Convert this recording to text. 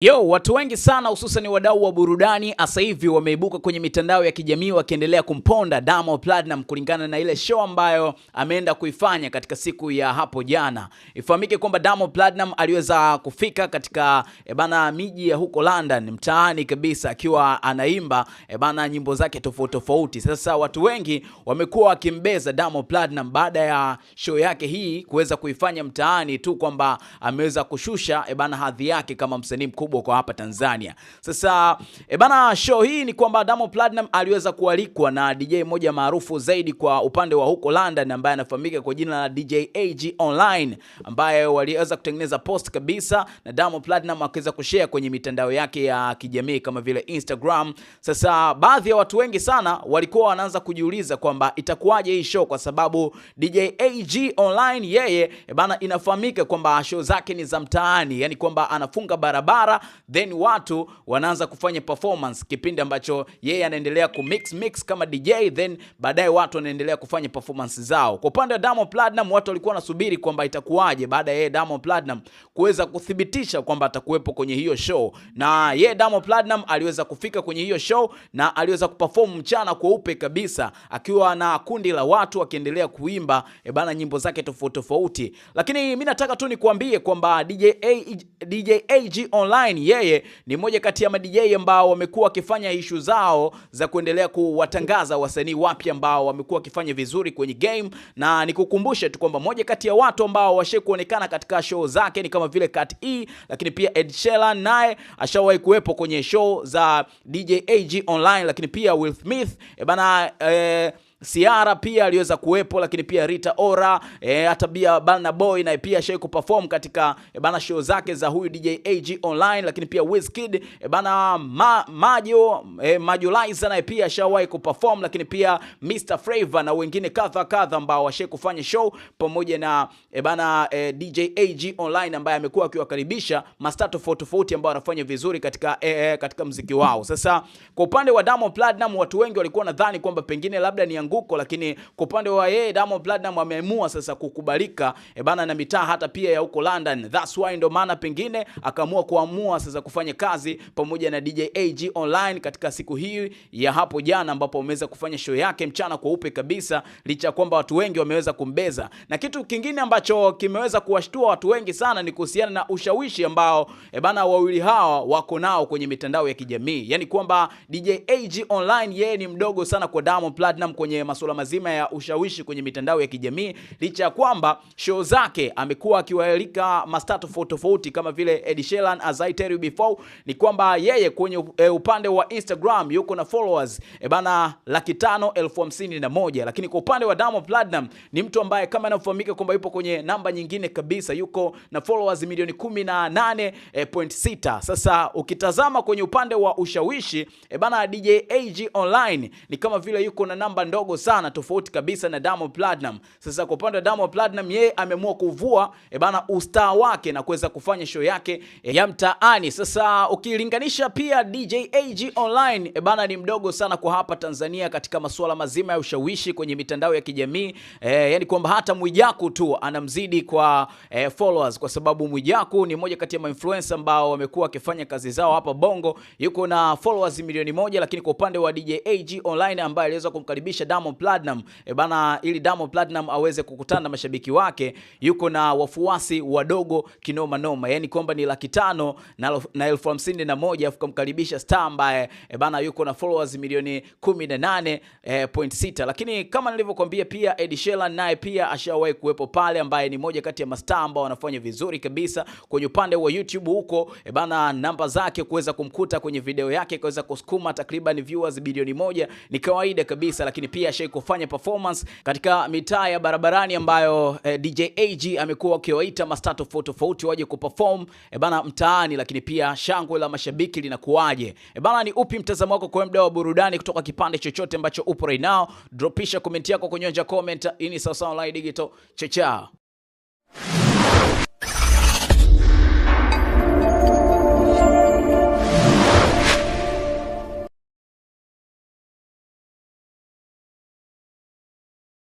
Yo, watu wengi sana hususan wadau wa burudani sasa hivi wameibuka kwenye mitandao ya kijamii wakiendelea kumponda Diamond Platnumz kulingana na ile show ambayo ameenda kuifanya katika siku ya hapo jana. Ifahamike kwamba Diamond Platnumz aliweza kufika katika e bana miji ya huko London mtaani kabisa akiwa anaimba e bana nyimbo zake tofauti tofauti. Sasa watu wengi wamekuwa wakimbeza Diamond Platnumz baada ya show yake hii kuweza kuifanya mtaani tu kwamba ameweza kushusha e bana hadhi yake kama msanii mkubwa kwa hapa Tanzania. Sasa e bana, show hii ni kwamba Diamond Platnumz aliweza kualikwa na DJ moja maarufu zaidi kwa upande wa huko London ambaye anafahamika kwa jina la DJ AG Online, ambaye waliweza kutengeneza post kabisa na Diamond Platnumz akaweza kushare kwenye mitandao yake ya kijamii kama vile Instagram. Sasa baadhi ya watu wengi sana walikuwa wanaanza kujiuliza kwamba itakuwaje hii show kwa sababu DJ AG Online yeye e bana, inafahamika kwamba show zake ni za mtaani, yani kwamba anafunga barabara then watu wanaanza kufanya performance kipindi ambacho yeye anaendelea ku mix mix kama DJ, then baadaye watu wanaendelea kufanya performance zao. Kwa upande wa Diamond Platinum watu walikuwa wanasubiri kwamba itakuwaje baada ya yeye Diamond kuweza kuthibitisha kwamba atakuwepo kwenye hiyo show, na yeye Diamond Platinum aliweza kufika kwenye hiyo show na aliweza kuperform mchana kweupe kabisa, akiwa na kundi la watu akiendelea kuimba e bana nyimbo zake tofauti tofauti, lakini mimi nataka tu nikuambie kwamba DJ, DJ AG Online Divine yeye ni mmoja kati ya madj ambao wamekuwa wakifanya ishu zao za kuendelea kuwatangaza wasanii wapya ambao wamekuwa wakifanya vizuri kwenye game, na nikukumbushe tu kwamba moja kati ya watu ambao washe kuonekana katika show zake ni kama vile Kat E, lakini pia Ed Sheeran naye ashawahi kuwepo kwenye show za DJ AG online, lakini pia Will Smith e bana e, Ciara pia aliweza kuwepo, lakini pia Rita Ora, e, hata e, pia Burna Boy naye pia ashai kuperform katika e, bana show zake za huyu DJ AG online, lakini pia Wizkid e, bana ma, Majo e, Majo naye pia ashawahi kuperform, lakini pia Mr Flavor na wengine kadha kadha ambao washai kufanya show pamoja na e, bana e, DJ AG online ambaye amekuwa akiwakaribisha masta tofauti tofauti ambao wanafanya vizuri katika e, e, katika muziki wao. Sasa kwa upande wa Diamond Platnumz, watu wengi walikuwa nadhani kwamba pengine labda ni anguko, lakini kwa upande wa yeye Diamond Platnumz ameamua sasa kukubalika e bana na mitaa hata pia ya huko London. That's why ndo maana pengine akaamua kuamua sasa kufanya kazi pamoja na DJ AG online katika siku hii ya hapo jana, ambapo ameweza kufanya show yake mchana kwa upe kabisa, licha kwamba watu wengi wameweza kumbeza. Na kitu kingine ambacho kimeweza kuwashtua watu wengi sana ni kuhusiana na ushawishi ambao e bana wawili hawa wako nao kwenye mitandao ya kijamii, yani kwamba DJ AG online yeye ni mdogo sana kwa Diamond Platnumz kwenye kwenye masuala mazima ya ushawishi kwenye mitandao ya kijamii, licha ya kwamba show zake amekuwa akiwaalika masta tofauti tofauti kama vile Ed Sheeran, as I tell you before, ni kwamba yeye kwenye e, upande wa Instagram yuko na followers e bana laki tano elfu hamsini na moja, lakini kwa upande wa Diamond Platinum ni mtu ambaye kama anafahamika kwamba yupo kwenye namba nyingine kabisa, yuko na followers milioni nane E, sasa ukitazama kwenye upande wa ushawishi e bana DJ AG online ni kama vile yuko na namba ndogo ndogo sana, tofauti kabisa na Diamond Platinum. Sasa kwa upande wa Diamond Platinum, yeye ameamua kuvua e bana ustaa wake na kuweza kufanya show yake e, ya mtaani. Sasa ukilinganisha pia DJ AG Online e bana ni mdogo sana kwa hapa Tanzania katika masuala mazima ya ushawishi kwenye mitandao ya kijamii e, yani kwamba hata Mwijaku tu anamzidi kwa e, followers kwa sababu Mwijaku ni mmoja kati ya mainfluencer ambao wamekuwa wakifanya kazi zao hapa Bongo, yuko na followers milioni moja, lakini kwa upande wa DJ AG Online ambaye aliweza kumkaribisha Diamond Platinum. E bana, ili Diamond Platinum aweze kukutana na mashabiki wake, yuko na wafuasi wadogo kinoma noma, yani kwamba ni laki tano na elfu hamsini na moja afu kumkaribisha star ambaye e bana yuko na followers milioni 18.6, eh, lakini kama nilivyokuambia pia Ed Sheeran naye pia ashawahi kuwepo pale, ambaye ni moja kati ya mastaa ambao wanafanya vizuri kabisa kwenye upande wa YouTube huko e bana, namba zake kuweza kumkuta kwenye video yake ikaweza kusukuma takriban viewers bilioni moja ni kawaida kabisa, lakini pia pia ashai kufanya performance katika mitaa ya barabarani ambayo eh, DJ AG amekuwa akiwaita masta tofauti tofauti waje kuperform eh, bana mtaani, lakini pia shangwe la mashabiki linakuwaje? Eh, bana, ni upi mtazamo wako kwa mda wa burudani kutoka kipande chochote ambacho upo right now? Dropisha comment yako kunyonja comment. Ini Sawasawa Online Digital, chao